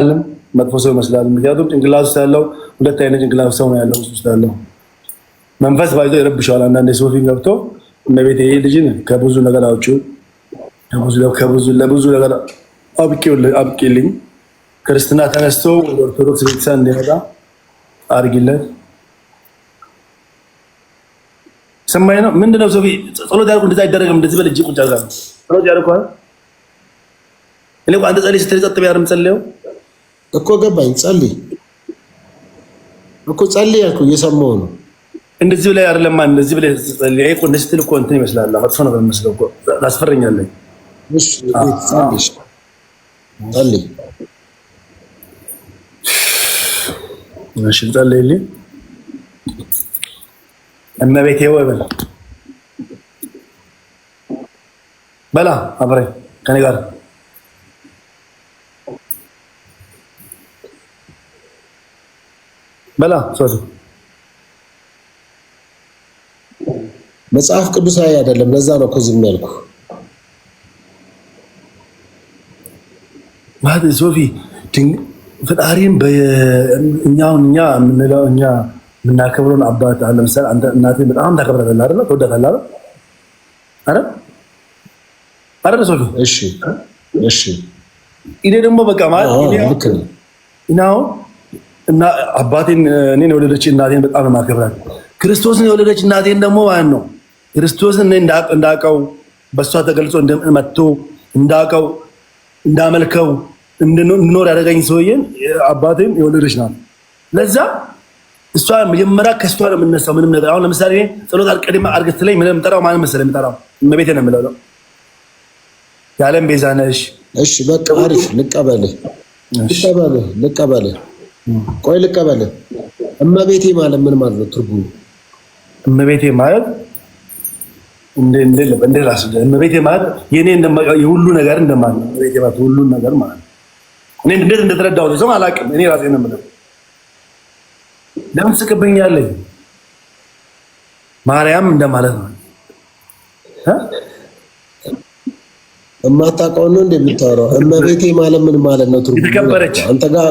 አይደለም መጥፎ ሰው ይመስላል። ምክንያቱም ጭንቅላት ውስጥ ያለው ሁለት አይነት ጭንቅላት ሰው ነው ያለው ውስጥ ያለው መንፈስ ባይዞ ይረብሸዋል። አንዳንዴ ሶፊ ገብቶ እመቤቴ ይሄ ልጅ ከብዙ ነገር አውጪ ከብዙ ከብዙ ለብዙ ነገር አብቂልኝ፣ ክርስትና ተነስቶ ወደ ኦርቶዶክስ ቤተሰብ እንዲመጣ አድርጊለት። ሰማይ ነው ምንድነው? ሶፊ ጸሎት ያልኩ እንደዛ አይደረግም። እንደዚህ በልጅ ቁጭ አድርጋ ጸሎት ያልኩ እኔ አንተ ጸልይ ስትል ጸጥ ቢያርም ጸልየው እኮ ገባኝ። ጸልይ እኮ ጸልይ ያልኩህ እየሰማሁ ነው። እንደዚህ ብላይ አይደለም ማን እንደዚህ ብላይ ጸልይ እኮ እንደዚህ ስትል እኮ እንትን ይመስላል። መጥፎ ነው በሚመስለው እኮ ታስፈረኛለህ። እሺ ጸልይ ጸልይ እሺ ጸልይልኝ። እመቤቴ ወይ በላ በላ አብረኝ ከኔ ጋር በላ ሶሱ መጽሐፍ ቅዱሳዊ አይደለም። ለዛ ነው እኮ ዝም ያልኩ። ማለት ሶፊ ፈጣሪም እኛውን እኛ የምንለው እኛ የምናከብረውን አባት ለምሳሌ እናቴ በጣም ታከብራለህ አይደለ? ትወዳታለህ አይደል? አይደል ሶፊ? እሺ፣ እሺ። እኔ ደግሞ በቃ ማለት ነው እና አባቴን እኔን የወለደች እናቴን በጣም ማከብራት የማከብራት። ክርስቶስን የወለደች እናቴን ደግሞ ማለት ነው ክርስቶስን እኔ እንዳውቀው በእሷ ተገልጾ መጥቶ እንዳውቀው እንዳመልከው እንድኖር ያደረገኝ ሰውዬን አባቴን የወለደች ናት። ለዛ እሷ መጀመሪያ ከእሷ ነው የምነሳው ምንም ነገር። አሁን ለምሳሌ ጸሎት አልቀድማ አድርገት ላይ ምንም የምጠራው ማንም መሰለህ የምጠራው እመቤቴ ነው የምለው። የዓለም ቤዛ ነሽ። እሺ በቃ አሪፍ ልቀበልህ፣ ልቀበልህ፣ ልቀበልህ ቆይ ልቀበል። እመቤቴ ማለት ምን ማለት ነው? ትርጉሙ እመቤቴ ማለት እንደ ራስ እመቤቴ ማለት የኔ የሁሉ ነገር እንደማለት ነው። እመቤቴ ማለት ሁሉ ነገር ማለት ነው። እኔ እንዴት እንደተረዳው ሰው አላውቅም። እኔ ራሴ ነው የምለው። ለምን ስቅብኛለኝ? ማርያም እንደማለት ነው። እማታውቀውን ነው እንደምታወራው። እመቤቴ ማለት ምን ማለት ነው? ትርጉሙ አንተ ጋር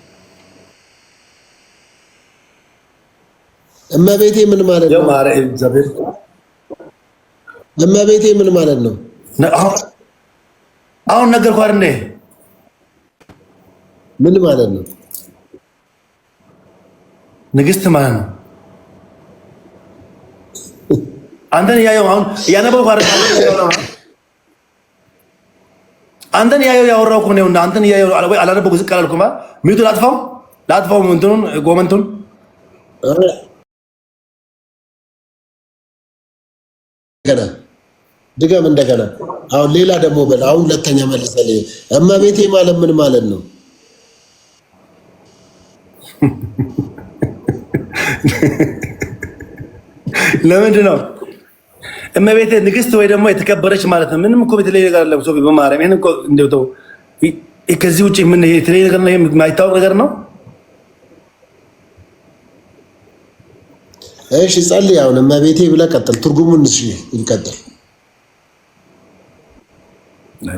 እመቤቴ ምን ማለት ነው? እመቤቴ ምን ማለት ነው? አሁን ነገር ኳር ምን ማለት ነው? ንግስት ማለት ነው። አንተን ያየው አሁን ያነበው ኳር አንተን ያየው ያወራው ነው። አንተን ያየው አለ ወይ አላነበው ዝቅ አላልኩም። ሚዩቱን ላጥፋው ላጥፋው እንትኑን ጎመንቱን እንደገና ድገም፣ እንደገና አሁን ሌላ ደግሞ በል። አሁን ሁለተኛ መልሰል። እመቤቴ ማለት ምን ማለት ነው? ለምንድን ነው እመቤቴ ንግስት ወይ ደግሞ የተከበረች ማለት ነው? ምንም እኮ የተለየ ነገር አለ። በማርያም ይህን እኮ እንደው ተው። ከዚህ ውጭ ምን የተለየ ነገር ነው? የማይታወቅ ነገር ነው። እሺ ጸልይ። አሁን እመቤቴ ብለህ ቀጥል። ትርጉሙን እሺ ይቀጥል።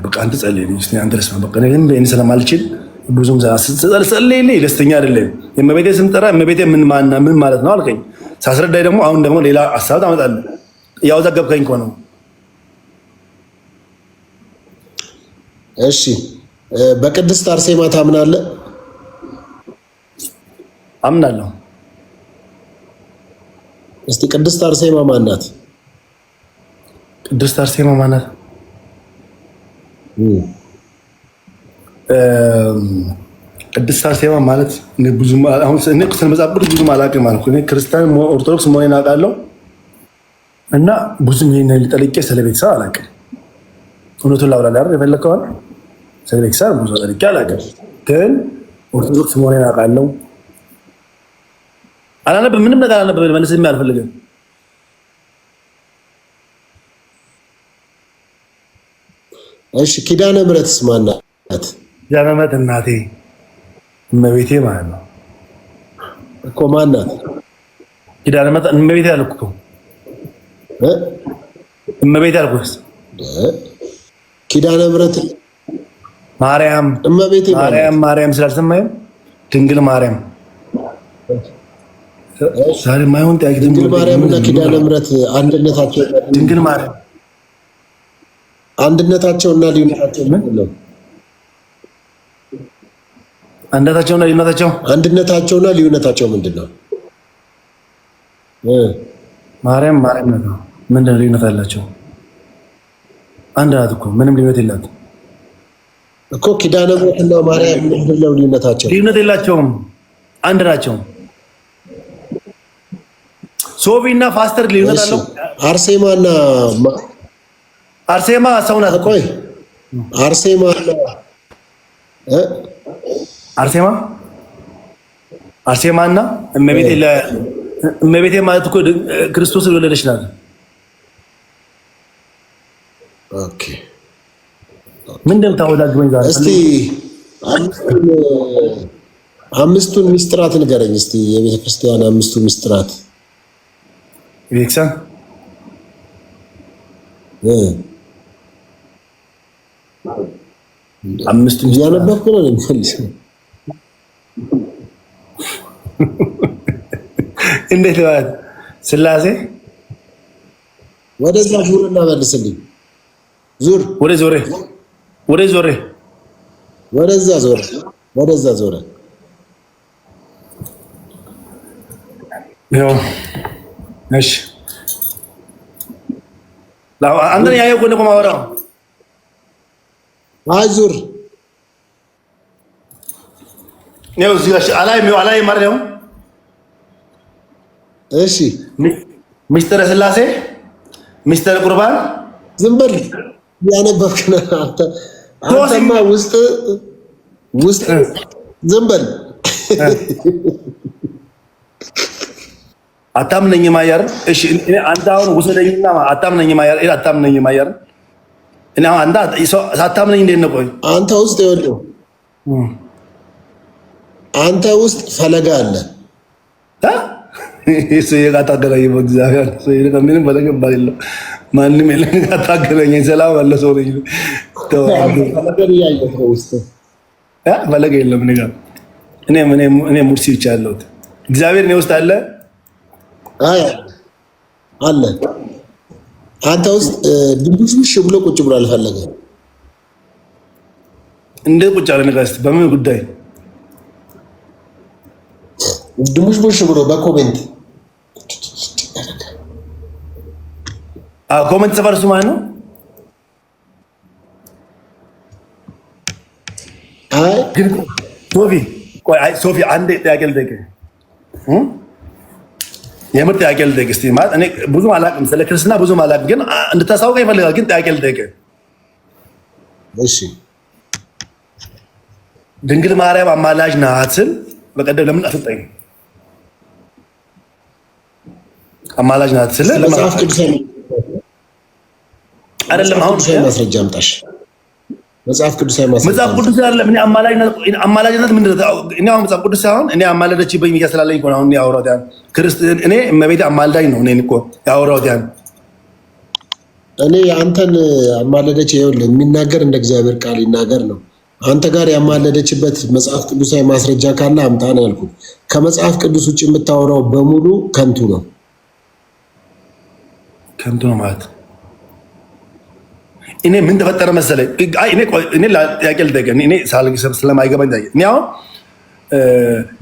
በቃ አንተ ጸልይ። አንተ ለስማ በቃ እኔ ስለማልችል ብዙም ጸልይልኝ ደስተኛ አይደለም። እመቤቴ ስምጠራ እመቤቴ ምን ማና ምን ማለት ነው አልከኝ። ሳስረዳኝ ደግሞ አሁን ደግሞ ሌላ ሀሳብ ታመጣለህ። ያው ዘገብከኝ እኮ ነው። እሺ በቅድስት አርሴማ ታምናለህ? አምናለሁ እስቲ ቅድስት አርሴማ ማናት? ቅድስት አርሴማ ማናት? ቅድስት አርሴማ ማለት እኔ ስለ መጽሐፍ ቅዱስ ብዙ አላውቅም ማለት እኔ ክርስቲያን ኦርቶዶክስ መሆኔን አውቃለሁ እና ብዙ ይሄን ልጠልቄ ስለ ቤተሰብ አላውቅም። እውነቱን ላውራ ላይ አይደል ስለ ቤተሰብ ብዙ ጠልቄ አላውቅም፣ ግን ኦርቶዶክስ መሆኔን አውቃለሁ አላነብ ምንም ነገር አላነብ መልስ አልፈልግም። እሺ ኪዳነ ምሕረትስ ማናት? ናት? ኪዳነ ምሕረት እናቴ እመቤቴ ማለት ነው እኮ ማናት? ኪዳነ ምሕረት እመቤቴ አልኩ እ እመቤቴ አልኩስ ኪዳነ ምሕረት ማርያም እመቤቴ ማርያም ማርያም ስላልሰማይም ድንግል ማርያም ዛሬ ማይሆን ጥያቄ ድንግል ማርያምና ኪዳነ ምሕረት አንድነታቸው ድንግል ማርያም እና ልዩነታቸው ምንድን ነው? እና ልዩነታቸው እና ልዩነታቸው ምንድን ነው? ማርያም ማርያም ነው። ምንድን ነው ልዩነት አላቸው? አንድ ናት እኮ ምንም ልዩነት የላት እኮ ኪዳነ ምሕረትና ማርያም ምንድን ነው ልዩነታቸው? ልዩነት የላቸውም፣ አንድ ናቸው። ሶቪ እና ፋስተር ልዩነት አለው። አርሴማ እና አርሴማ ሰው ናት። ቆይ አርሴማ አርሴማ አርሴማ እና እመቤቴ ለ እመቤቴ ማለት እኮ ክርስቶስ የወለደች ናት። ኦኬ ምን ታወዳግበኝ ዛሬ እስቲ አምስቱን ሚስጥራት ንገረኝ እስቲ የቤተክርስቲያን አምስቱ ሚስጥራት Veksan. አምስት እያነበብኩ ነው። እንዴት ማለት ስላሴ ወደዛ ዙር እና መልስልኝ። ዙር ወደ ዞሬ ወደ ዞሬ ወደዛ ዞሬ ወደዛ ዞሬ ያው እሺ ላው አንተን ያየው ጎን ቆማ ወራው ነው እዚህ አላይ ነው አላይ ማርያም እሺ ሚስተር ስላሴ ሚስተር ቁርባን ዝም በል ያነበብክ ነው አንተማ ውስጥ ውስጥ ዝም በል አታምነኝም ማያር እሺ አንተ አሁን ውሰደኝና አታምነኝም አያርን? አታምነኝም አያርን? እና አንተ አታምነኝ እንዴት ነው? ቆይ አንተ ውስጥ ይኸውልህ፣ አንተ ውስጥ ፈለገ አለ እ እሱ የጋታገለኝ በእግዚአብሔር ሰይደ ምንም ፈለገ ባይል ማንም የለም ጋታገለኝ ሰላም አለ ሰው ልጅ ተው ፈለገ የለም ነገር እኔ እኔ እኔ ሙርሲ ብቻ ያለሁት እግዚአብሔር እኔ ውስጥ አለ አለ አንተ ውስጥ ድንቡሽቡሽ ብሎ ቁጭ ብሎ አልፈለገ። እንዴት ቁጭ አለ? ንገረኝ፣ በምን ጉዳይ ድንቡሽቡሽ ብሎ? በኮሜንት ኮሜንት ጽፋ እርሱ ማለት ነው። ሶፊ አንዴ ጥያቄ ልጠይቅህ የምር ጥያቄ ልጠይቅ እስኪ። ማለት እኔ ብዙም አላውቅም ስለ ክርስትና ብዙም አላውቅም፣ ግን እንድታሳውቀ ይፈልጋል። ግን ጥያቄ ልጠይቅ። እሺ፣ ድንግል ማርያም አማላጅ ናትን? በቀደም ለምን አሰጠኝ አማላጅ ናት ስለ ቅዱስ አይደለም። አሁን ማስረጃ አምጣሽ መጽሐፍ ቅዱስ አይማስ መጽሐፍ ቅዱስ አይደለም። እኔ አማላጅነት አማላጅነት ምንድን ነው? እኔ አሁን መጽሐፍ ቅዱስ ሳይሆን እኔ አማላደችኝ ብዬ ስላለኝ እኮ ነው አሁን ያወራሁት። ያን ክርስቲያን እኔ እመቤቴ አማላጅ ነው እኔን እኮ ያወራሁት። ያን እኔ አንተን አማለደች ይኸውልህ፣ የሚናገር እንደ እግዚአብሔር ቃል ይናገር ነው። አንተ ጋር ያማለደችበት መጽሐፍ ቅዱሳዊ ማስረጃ ካለ አምጣ ነው ያልኩት። ከመጽሐፍ ቅዱስ ውጭ የምታወራው በሙሉ ከንቱ ነው። ከንቱ ነው ማለት እኔ ምን ተፈጠረ መሰለ፣ እኔ ጥያቄ ልጠይቅህ። እኔ ስለማይገባኝ እኔ አሁን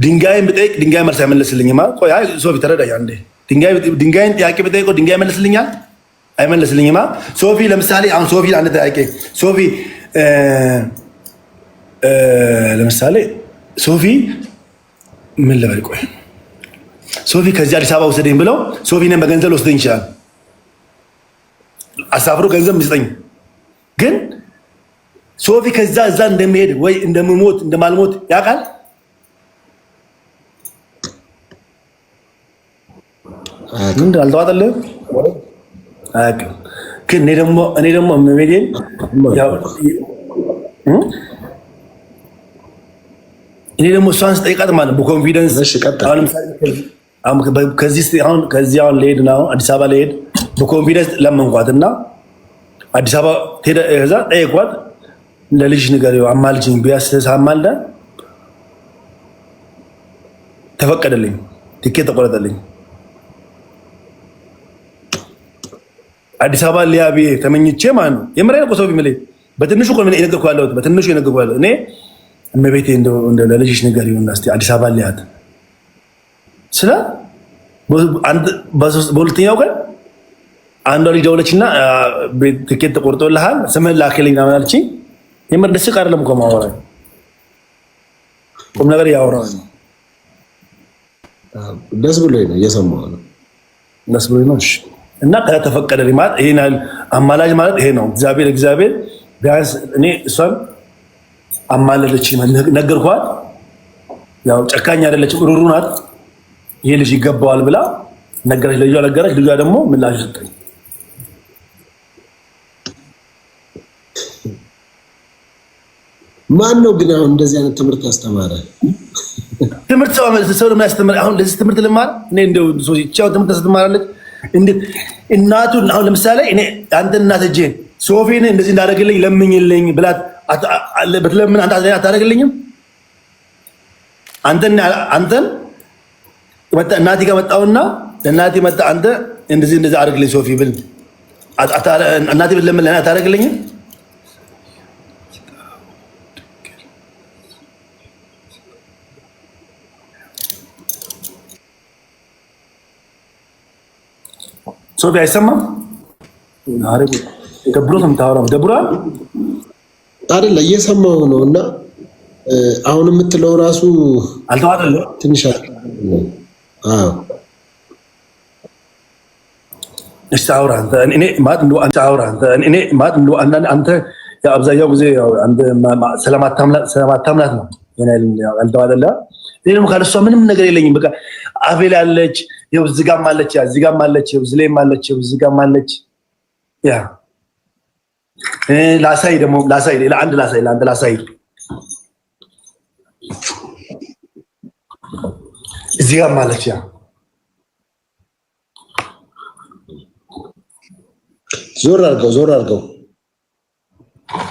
ድንጋይን ብጠይቅ ድንጋይ መልስ አይመለስልኝም። ሶፊ ተረዳኝ አንዴ። ድንጋይን ጥያቄ ብጠይቀው ድንጋይ መልስልኛል አይመለስልኝም። ሶፊ ለምሳሌ አሁን ሶፊ አንድ ጥያቄ ሶፊ ለምሳሌ ሶፊ ምን ልበል፣ ቆይ ሶፊ ከዚህ አዲስ አበባ ውሰደኝ ብለው ሶፊ እኔን በገንዘብ ልወስደኝ ይችላል። አሳፍሮ ገንዘብ ሚስጠኝ ግን ሶፊ ከዛ እዛ እንደሚሄድ ወይ እንደምሞት እንደማልሞት ያውቃል። ምንድን አልተዋጠልህም? ግን እኔ ደግሞ እመቤቴን እኔ ደግሞ እሷን ስጠይቃት ማለት በኮንፊደንስ ከዚህ አሁን ልሄድ አዲስ አበባ ልሄድ በኮንፊደንስ ለመንኳት እና አዲስ አበባ ሄደ። እዛ ጠየቋል። ለልጅ ነገር ልጅ ቢያስሳ አማልዳ ተፈቀደልኝ፣ ትኬት ተቆረጠልኝ። አዲስ አበባ ሊያ ሊያቤ ተመኝቼ ማለት ነው። የምሬን እኮ ሰው ቢምለኝ በትንሹ እኮ የነገርኩህ ያለሁት በትንሹ የነገርኩህ ያለሁት እኔ እመቤቴ ለልጅሽ ነገር ይሁንና እስኪ አዲስ አበባ ሊያት ስለ በሁለተኛው ቀን አንዷ ልጅ ደውለችና ትኬት ተቆርጦልሃል ስምህን ላክልኝ ምናምን አለችኝ። የምር ደስ አይደለም እኮ ማወራ ቁም ነገር ያወራው ነው። ደስ ብሎ ነው እየሰማሁ ነው። ደስ ብሎ ነው። እሺ እና ተፈቀደ ማለት ይሄን አማላጅ ማለት ይሄ ነው። እግዚአብሔር እግዚአብሔር ቢያንስ እኔ እሷን አማለለች ነገርኳት። ያው ጨካኝ አይደለችም፣ ሩሩ ናት። ይሄ ልጅ ይገባዋል ብላ ነገረች። ልጇ ነገረች። ልጇ ደግሞ ምላሽ ሰጠኝ። ማን ነው ግን አሁን እንደዚህ አይነት ትምህርት ያስተማረ? ትምህርት ሰው ሰው የሚያስተምር። አሁን ለዚህ ትምህርት ልማር እኔ እንደው ሶሲቻው ትምህርት ስትማራለች እንዴ እናቱ አሁን ለምሳሌ እኔ አንተ እናት እጄን ሶፊን እንደዚህ እንዳደረግልኝ ለምኝልኝ ብላት በትለምን አንተ አታደረግልኝም? አንተን አንተን እናቴ ጋር መጣሁና እናቴ መጣ አንተ እንደዚህ እንደዚህ አድርግልኝ ሶፊ ብል እናቴ ብትለምን ለኔ አታደረግልኝም? ሶፊ አይሰማም። ደብሮት የምታወራው ደብሯል አይደለ? እየሰማው ነው። እና አሁን የምትለው ራሱ አልተዋጠለ ትንሽ አንተ አብዛኛው ጊዜ ስለማታምናት ነው። ያልተዋጠለ ምንም ነገር የለኝም። በቃ አፌ አለች ይኸው እዚህ ጋር አለች፣ ያ እዚህ ጋር አለች፣ ይኸው እዚህ ላይም አለች፣ ይኸው እዚህ ጋር አለች። ያ ላሳይ ደግሞ ላሳይ፣ ሌላ አንድ ላሳይ፣ ለአንድ ላሳይ። እዚህ ጋር አለች፣ ያ ዞር አድርገው፣ ዞር አድርገው፣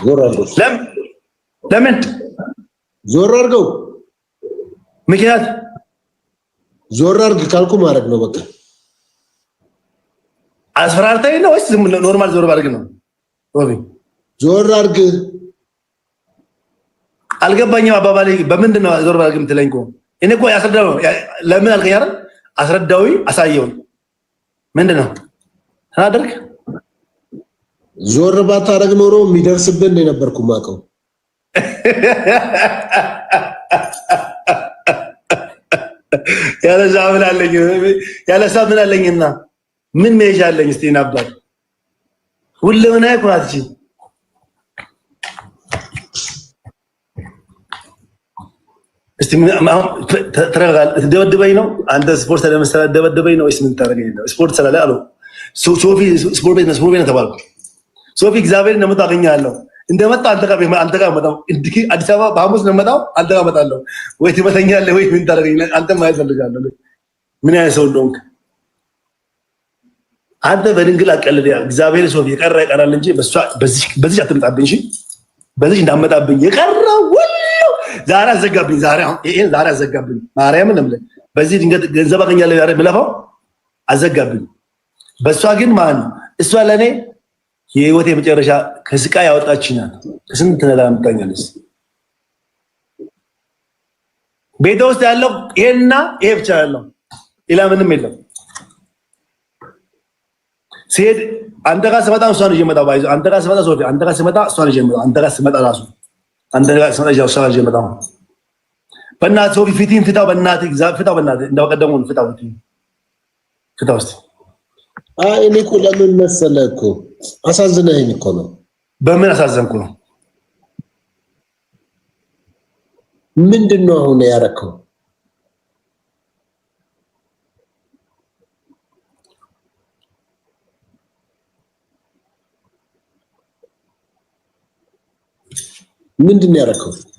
ዞር አድርገው። ለምን ለምን ዞር አድርገው? ምክንያት ዞር አድርግ ካልኩ ማድረግ ነው በቃ። አስፈራርታዊ ነው ወይስ ዝም ኖርማል ዞር ማድረግ ነው? ሮቢ ዞር አድርግ። አልገባኝም አባባሌ በምንድን ነው ዞር ማድረግ የምትለኝ? እኔ እኮ ያስረዳው ለምን አልከኝ አይደል? አስረዳዊ አሳየው። ምንድን ነው ተናደርግ? ዞር ባታደርግ ኖሮ የሚደርስብን እንደነበርኩ ማቀው ያለዛ ምን አለኝ? ያለሳ ምን አለኝና ምን መሄጃ አለኝ? እስቲ ናባል ሁለምን አይኩራት እስቲ ተረጋል። ደበደበኝ ነው አንተ ስፖርት ስለምሰራ ደበደበኝ ነው ወይስ ምን ታደርገኝ ነው? ስፖርት ስላለ አለው ሶፊ ስፖርት ቤት ነው ስፖርት ቤት ነው ተባልኩ። ሶፊ እግዚአብሔር እንደምታገኛለሁ እንደመጣ አንተ ጋር አንተ ጋር መጣው እንዲህ አዲስ አበባ በሐሙስ ነው መጣው። አንተ ጋር መጣለሁ ወይ ትመተኛለህ ወይ ምን ታደርገኛለህ? አንተ ማየት ፈልጋለሁ ምን ያህል ሰው እንደሆንክ። አንተ በድንግል አቀልድ ያ እግዚአብሔር ሰው የቀረ ይቀራል እንጂ በሷ በዚህ በዚህ አትመጣብኝ። እሺ በዚህ እንዳመጣብኝ የቀረው ሁሉ ዛሬ አዘጋብኝ። ዛሬ አሁን ይሄን ዛሬ አዘጋብኝ። ማርያምን ለምለ በዚህ ድንገት ገንዘብ አገኛለሁ ያረ ብለፈው አዘጋብኝ። በሷ ግን ማን እሷ ለኔ የህይወት የመጨረሻ ከስቃይ ያወጣችኛል። ከስንት ነላ አምጣኛለች። ቤተ ውስጥ ያለው ይሄና ይሄ ብቻ ያለው ሌላ ምንም የለም። ሲሄድ አንተ ጋር ስመጣ እሷን ይዤ እመጣ ባይዞ አንተ ጋር ስመጣ ሶፊ አንተ ጋር ስመጣ እሷን ይዤ እመጣ አንተ ጋር ስመጣ ራሱ አንተ ጋር ስመጣ እሷን ይዤ እመጣ። በእናትህ ሶፊ ፊትህን ፍታው፣ በእናትህ ፍታው፣ በእናትህ እንዳው ቀደሙን ፍታው፣ ፍታው እስኪ አይ እኔ እኮ ለምን መሰለህ እኮ እኮ ነው። በምን አሳዘንኩ ነው? ምንድን ነው አሁን ያደረከው? ምንድን ነው ያደረከው?